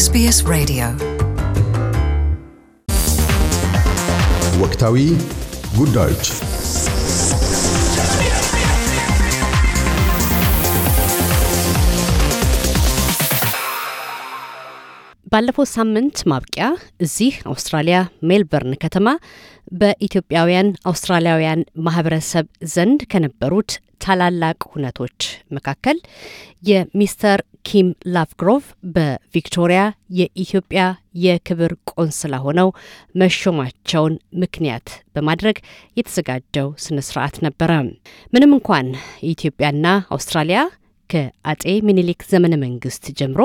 ኤስቢኤስ ሬዲዮ ወቅታዊ ጉዳዮች ባለፈው ሳምንት ማብቂያ እዚህ አውስትራሊያ ሜልበርን ከተማ በኢትዮጵያውያን አውስትራሊያውያን ማህበረሰብ ዘንድ ከነበሩት ታላላቅ ሁነቶች መካከል የሚስተር ኪም ላቭግሮቭ በቪክቶሪያ የኢትዮጵያ የክብር ቆንስላ ሆነው መሾማቸውን ምክንያት በማድረግ የተዘጋጀው ስነ ስርዓት ነበረ። ምንም እንኳን ኢትዮጵያና አውስትራሊያ ከአጼ ሚኒሊክ ዘመነ መንግስት ጀምሮ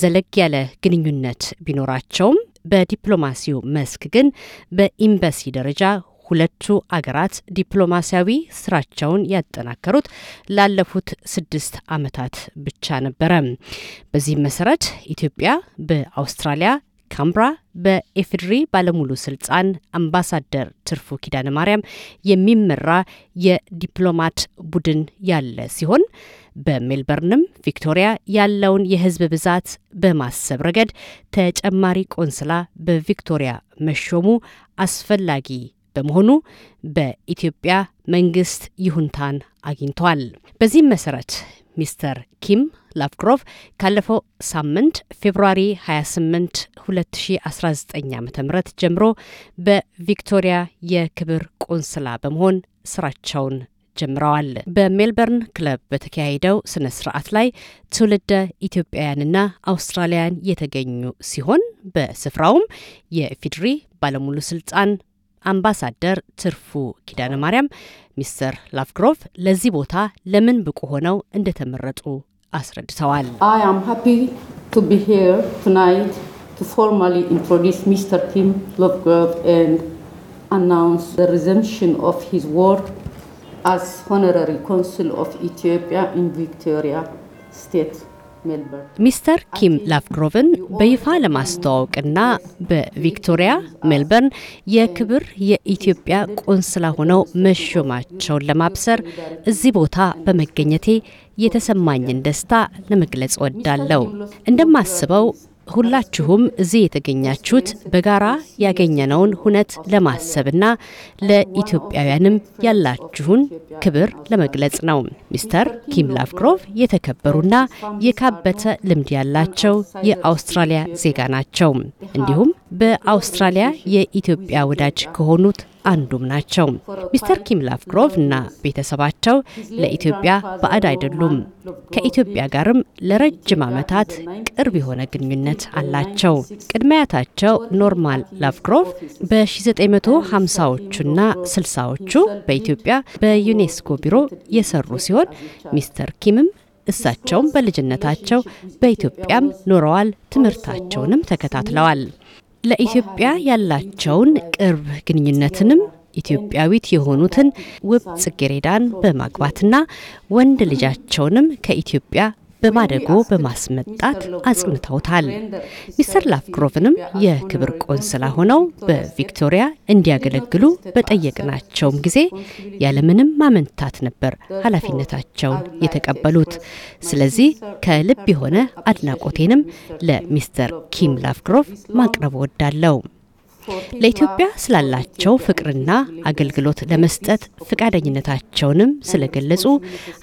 ዘለግ ያለ ግንኙነት ቢኖራቸውም በዲፕሎማሲው መስክ ግን በኢምባሲ ደረጃ ሁለቱ አገራት ዲፕሎማሲያዊ ስራቸውን ያጠናከሩት ላለፉት ስድስት ዓመታት ብቻ ነበረ። በዚህም መሰረት ኢትዮጵያ በአውስትራሊያ ካምብራ በኤፍድሪ ባለሙሉ ስልጣን አምባሳደር ትርፉ ኪዳነ ማርያም የሚመራ የዲፕሎማት ቡድን ያለ ሲሆን በሜልበርንም ቪክቶሪያ ያለውን የሕዝብ ብዛት በማሰብ ረገድ ተጨማሪ ቆንስላ በቪክቶሪያ መሾሙ አስፈላጊ በመሆኑ በኢትዮጵያ መንግስት ይሁንታን አግኝቷል። በዚህም መሰረት ሚስተር ኪም ላቭግሮቭ ካለፈው ሳምንት ፌብርዋሪ 28 2019 ዓ ም ጀምሮ በቪክቶሪያ የክብር ቆንስላ በመሆን ስራቸውን ጀምረዋል። በሜልበርን ክለብ በተካሄደው ስነ ስርዓት ላይ ትውልደ ኢትዮጵያውያንና አውስትራሊያን የተገኙ ሲሆን በስፍራውም የፊድሪ ባለሙሉ ስልጣን አምባሳደር ትርፉ ኪዳነ ማርያም ሚስተር ላቭግሮቭ ለዚህ ቦታ ለምን ብቁ ሆነው እንደተመረጡ አስረድተዋል። አይ አም አናውንስ ኦፍ ሆኖራሪ ኦፍ ኢትዮጵያ ኢን ቪክቶሪያ ስቴት ሚስተር ኪም ላፍግሮቭን በይፋ ለማስተዋወቅና በቪክቶሪያ ሜልበርን የክብር የኢትዮጵያ ቆንስላ ሆነው መሾማቸውን ለማብሰር እዚህ ቦታ በመገኘቴ የተሰማኝን ደስታ ለመግለጽ ወዳለው እንደማስበው ሁላችሁም እዚህ የተገኛችሁት በጋራ ያገኘነውን ሁነት ለማሰብና ለኢትዮጵያውያንም ያላችሁን ክብር ለመግለጽ ነው። ሚስተር ኪም ላቭግሮቭ የተከበሩና የካበተ ልምድ ያላቸው የአውስትራሊያ ዜጋ ናቸው። እንዲሁም በአውስትራሊያ የኢትዮጵያ ወዳጅ ከሆኑት አንዱም ናቸው። ሚስተር ኪም ላቭግሮቭ እና ቤተሰባቸው ለኢትዮጵያ ባዕድ አይደሉም። ከኢትዮጵያ ጋርም ለረጅም ዓመታት ቅርብ የሆነ ግንኙነት አላቸው። ቅድመያታቸው ኖርማል ኖርማን ላቭግሮቭ በ1950ዎቹና 60ዎቹ በኢትዮጵያ በዩኔስኮ ቢሮ የሰሩ ሲሆን ሚስተር ኪምም እሳቸውም በልጅነታቸው በኢትዮጵያም ኖረዋል። ትምህርታቸውንም ተከታትለዋል። ለኢትዮጵያ ያላቸውን ቅርብ ግንኙነትንም ኢትዮጵያዊት የሆኑትን ውብ ጽጌሬዳን በማግባትና ወንድ ልጃቸውንም ከኢትዮጵያ በማደጎ በማስመጣት አጽንተውታል። ሚስተር ላቭክሮቭንም የክብር ቆንስላ ሆነው በቪክቶሪያ እንዲያገለግሉ በጠየቅናቸውም ጊዜ ያለምንም ማመንታት ነበር ኃላፊነታቸውን የተቀበሉት። ስለዚህ ከልብ የሆነ አድናቆቴንም ለሚስተር ኪም ላቭክሮቭ ማቅረብ እወዳለሁ። ለኢትዮጵያ ስላላቸው ፍቅርና አገልግሎት ለመስጠት ፈቃደኝነታቸውንም ስለገለጹ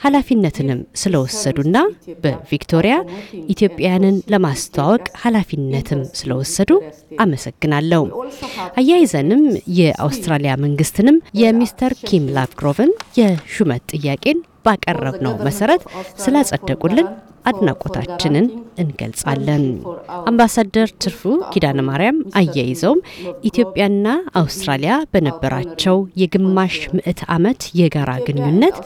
ኃላፊነትንም ስለወሰዱና በቪክቶሪያ ኢትዮጵያውያንን ለማስተዋወቅ ኃላፊነትም ስለወሰዱ አመሰግናለሁ። አያይዘንም የአውስትራሊያ መንግስትንም የሚስተር ኪም ላቭግሮቭን የሹመት ጥያቄን ባቀረብነው መሰረት ስላጸደቁልን አድናቆታችንን እንገልጻለን። አምባሳደር ትርፉ ኪዳነ ማርያም አያይዘውም ኢትዮጵያና አውስትራሊያ በነበራቸው የግማሽ ምዕት ዓመት የጋራ ግንኙነት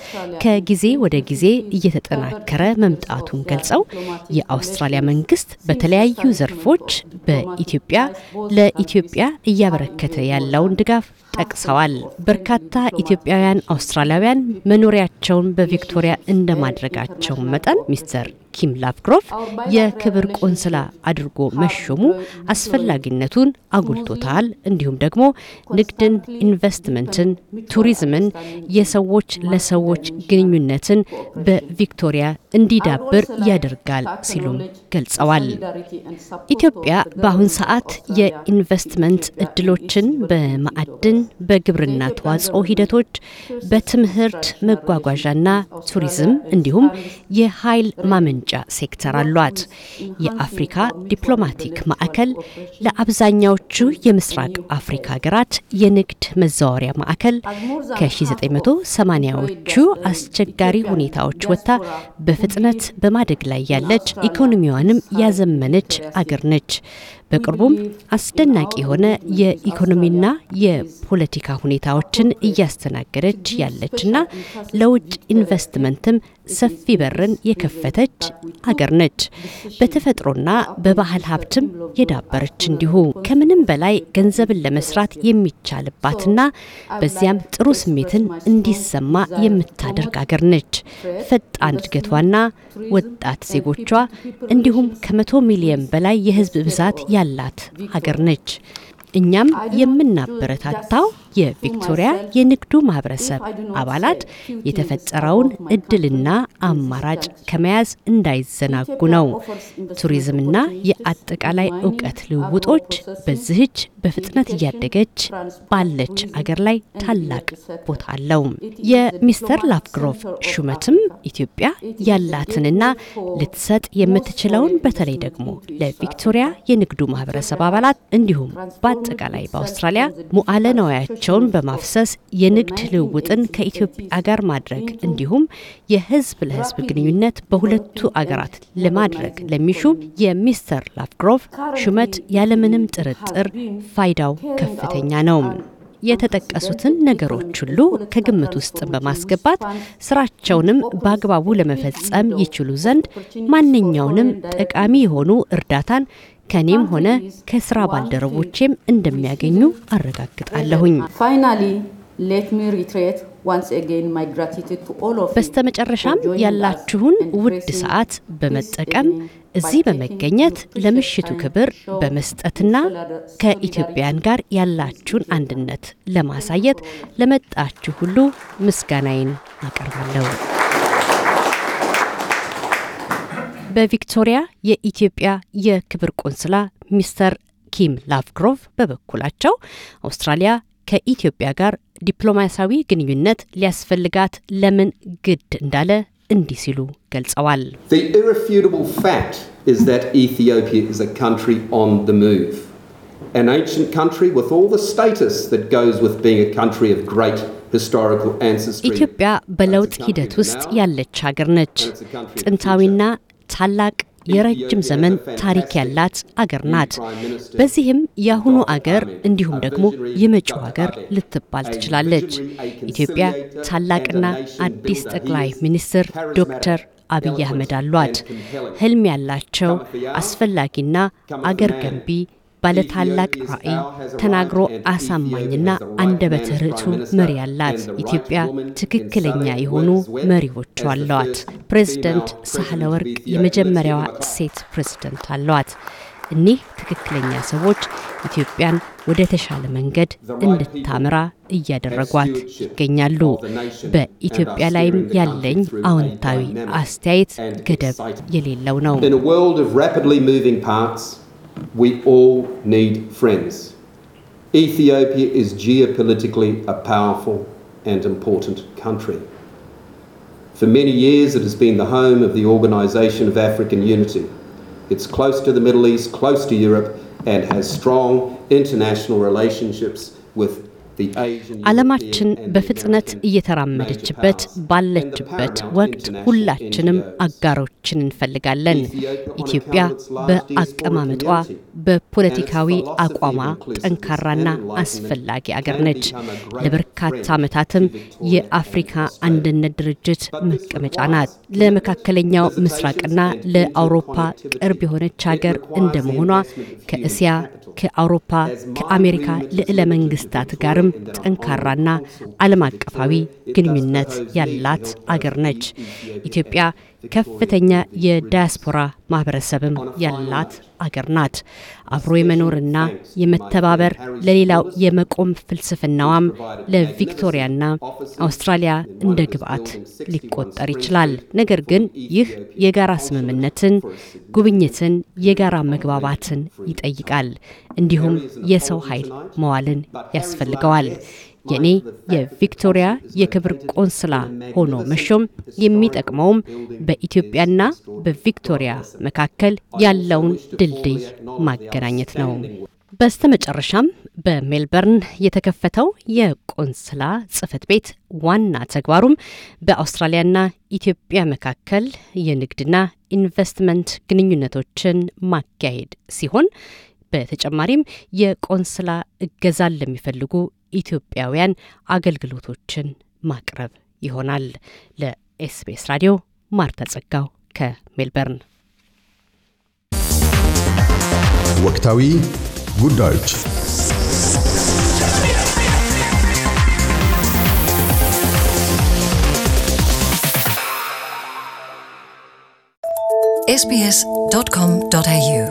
ከጊዜ ወደ ጊዜ እየተጠናከረ መምጣቱን ገልጸው የአውስትራሊያ መንግስት በተለያዩ ዘርፎች በኢትዮጵያ ለኢትዮጵያ እያበረከተ ያለውን ድጋፍ ጠቅሰዋል። በርካታ ኢትዮጵያውያን አውስትራሊያውያን መኖሪያቸውን በቪክቶሪያ እንደማድረጋቸው መጠን ሚስተር ኪም ላፍክሮፍ የክብር ቆንስላ አድርጎ መሾሙ አስፈላጊነቱን አጉልቶታል። እንዲሁም ደግሞ ንግድን፣ ኢንቨስትመንትን፣ ቱሪዝምን፣ የሰዎች ለሰዎች ግንኙነትን በቪክቶሪያ እንዲዳብር ያደርጋል ሲሉም ገልጸዋል። ኢትዮጵያ በአሁን ሰዓት የኢንቨስትመንት እድሎችን በማዕድን፣ በግብርና ተዋጽኦ ሂደቶች፣ በትምህርት መጓጓዣና ቱሪዝም እንዲሁም የኃይል ማመንጫ የማመንጫ ሴክተር አሏት። የአፍሪካ ዲፕሎማቲክ ማዕከል ለአብዛኛዎቹ የምስራቅ አፍሪካ ሀገራት የንግድ መዛወሪያ ማዕከል ከ1980ዎቹ አስቸጋሪ ሁኔታዎች ወጥታ በፍጥነት በማደግ ላይ ያለች ኢኮኖሚዋንም ያዘመነች አገር ነች። በቅርቡም አስደናቂ የሆነ የኢኮኖሚና የፖለቲካ ሁኔታዎችን እያስተናገደች ያለችና ለውጭ ኢንቨስትመንትም ሰፊ በርን የከፈተች አገር ነች። በተፈጥሮና በባህል ሀብትም የዳበረች እንዲሁ ከምንም በላይ ገንዘብን ለመስራት የሚቻልባትና በዚያም ጥሩ ስሜትን እንዲሰማ የምታደርግ አገር ነች። ፈጣን እድገቷና ወጣት ዜጎቿ እንዲሁም ከመቶ ሚሊየን በላይ የህዝብ ብዛት ያላት ሀገር ነች። እኛም የምናበረታታው የቪክቶሪያ የንግዱ ማህበረሰብ አባላት የተፈጠረውን እድልና አማራጭ ከመያዝ እንዳይዘናጉ ነው። ቱሪዝምና የአጠቃላይ እውቀት ልውውጦች በዚህች በፍጥነት እያደገች ባለች አገር ላይ ታላቅ ቦታ አለው። የሚስተር ላፍግሮቭ ሹመትም ኢትዮጵያ ያላትንና ልትሰጥ የምትችለውን በተለይ ደግሞ ለቪክቶሪያ የንግዱ ማህበረሰብ አባላት እንዲሁም በአጠቃላይ በአውስትራሊያ ሙአለ ነዋያቸው ገንዘባቸውን በማፍሰስ የንግድ ልውውጥን ከኢትዮጵያ ጋር ማድረግ እንዲሁም የህዝብ ለህዝብ ግንኙነት በሁለቱ አገራት ለማድረግ ለሚሹ የሚስተር ላፍግሮቭ ሹመት ያለምንም ጥርጥር ፋይዳው ከፍተኛ ነው። የተጠቀሱትን ነገሮች ሁሉ ከግምት ውስጥ በማስገባት ስራቸውንም በአግባቡ ለመፈጸም ይችሉ ዘንድ ማንኛውንም ጠቃሚ የሆኑ እርዳታን ከእኔም ሆነ ከስራ ባልደረቦቼም እንደሚያገኙ አረጋግጣለሁኝ። በስተመጨረሻም ያላችሁን ውድ ሰዓት በመጠቀም እዚህ በመገኘት ለምሽቱ ክብር በመስጠትና ከኢትዮጵያን ጋር ያላችሁን አንድነት ለማሳየት ለመጣችሁ ሁሉ ምስጋናዬን አቀርባለሁ። በቪክቶሪያ የኢትዮጵያ የክብር ቆንስላ ሚስተር ኪም ላፍግሮቭ በበኩላቸው አውስትራሊያ ከኢትዮጵያ ጋር ዲፕሎማሲያዊ ግንኙነት ሊያስፈልጋት ለምን ግድ እንዳለ እንዲህ ሲሉ ገልጸዋል። ኢትዮጵያ በለውጥ ሂደት ውስጥ ያለች ሀገር ነች። ጥንታዊና ታላቅ የረጅም ዘመን ታሪክ ያላት አገር ናት። በዚህም የአሁኑ አገር እንዲሁም ደግሞ የመጪው አገር ልትባል ትችላለች። ኢትዮጵያ ታላቅና አዲስ ጠቅላይ ሚኒስትር ዶክተር አብይ አህመድ አሏት። ህልም ያላቸው አስፈላጊና አገር ገንቢ ባለታላቅ ራዕይ ተናግሮ አሳማኝና አንደበተ ርቱዕ መሪ አላት። ኢትዮጵያ ትክክለኛ የሆኑ መሪዎቹ አለዋት። ፕሬዝደንት ሳህለ ወርቅ የመጀመሪያዋ ሴት ፕሬዝደንት አለዋት። እኒህ ትክክለኛ ሰዎች ኢትዮጵያን ወደ ተሻለ መንገድ እንድታምራ እያደረጓት ይገኛሉ። በኢትዮጵያ ላይም ያለኝ አዎንታዊ አስተያየት ገደብ የሌለው ነው። We all need friends. Ethiopia is geopolitically a powerful and important country. For many years, it has been the home of the Organisation of African Unity. It's close to the Middle East, close to Europe, and has strong international relationships with ዓለማችን በፍጥነት እየተራመደችበት ባለችበት ወቅት ሁላችንም አጋሮችን እንፈልጋለን። ኢትዮጵያ በአቀማመጧ በፖለቲካዊ አቋሟ ጠንካራና አስፈላጊ አገር ነች። ለበርካታ ዓመታትም የአፍሪካ አንድነት ድርጅት መቀመጫ ናት። ለመካከለኛው ምስራቅና ለአውሮፓ ቅርብ የሆነች ሀገር እንደመሆኗ ከእስያ፣ ከአውሮፓ፣ ከአሜሪካ ልዕለ መንግስታት ጋርም ረገድም ጠንካራና ዓለም አቀፋዊ ግንኙነት ያላት አገር ነች ኢትዮጵያ። ከፍተኛ የዳያስፖራ ማህበረሰብም ያላት አገር ናት። አብሮ የመኖርና የመተባበር ለሌላው የመቆም ፍልስፍናዋም ለቪክቶሪያና አውስትራሊያ እንደ ግብዓት ሊቆጠር ይችላል። ነገር ግን ይህ የጋራ ስምምነትን፣ ጉብኝትን፣ የጋራ መግባባትን ይጠይቃል። እንዲሁም የሰው ኃይል መዋልን ያስፈልገዋል። የኔ የቪክቶሪያ የክብር ቆንስላ ሆኖ መሾም የሚጠቅመውም በኢትዮጵያና በቪክቶሪያ መካከል ያለውን ድልድይ ማገናኘት ነው። በስተመጨረሻም በሜልበርን የተከፈተው የቆንስላ ጽህፈት ቤት ዋና ተግባሩም በአውስትራሊያና ኢትዮጵያ መካከል የንግድና ኢንቨስትመንት ግንኙነቶችን ማካሄድ ሲሆን በተጨማሪም የቆንስላ እገዛን ለሚፈልጉ ኢትዮጵያውያን አገልግሎቶችን ማቅረብ ይሆናል። ለኤስቢኤስ ራዲዮ ማርታ ጸጋው ከሜልበርን። ወቅታዊ ጉዳዮች sbs.com.au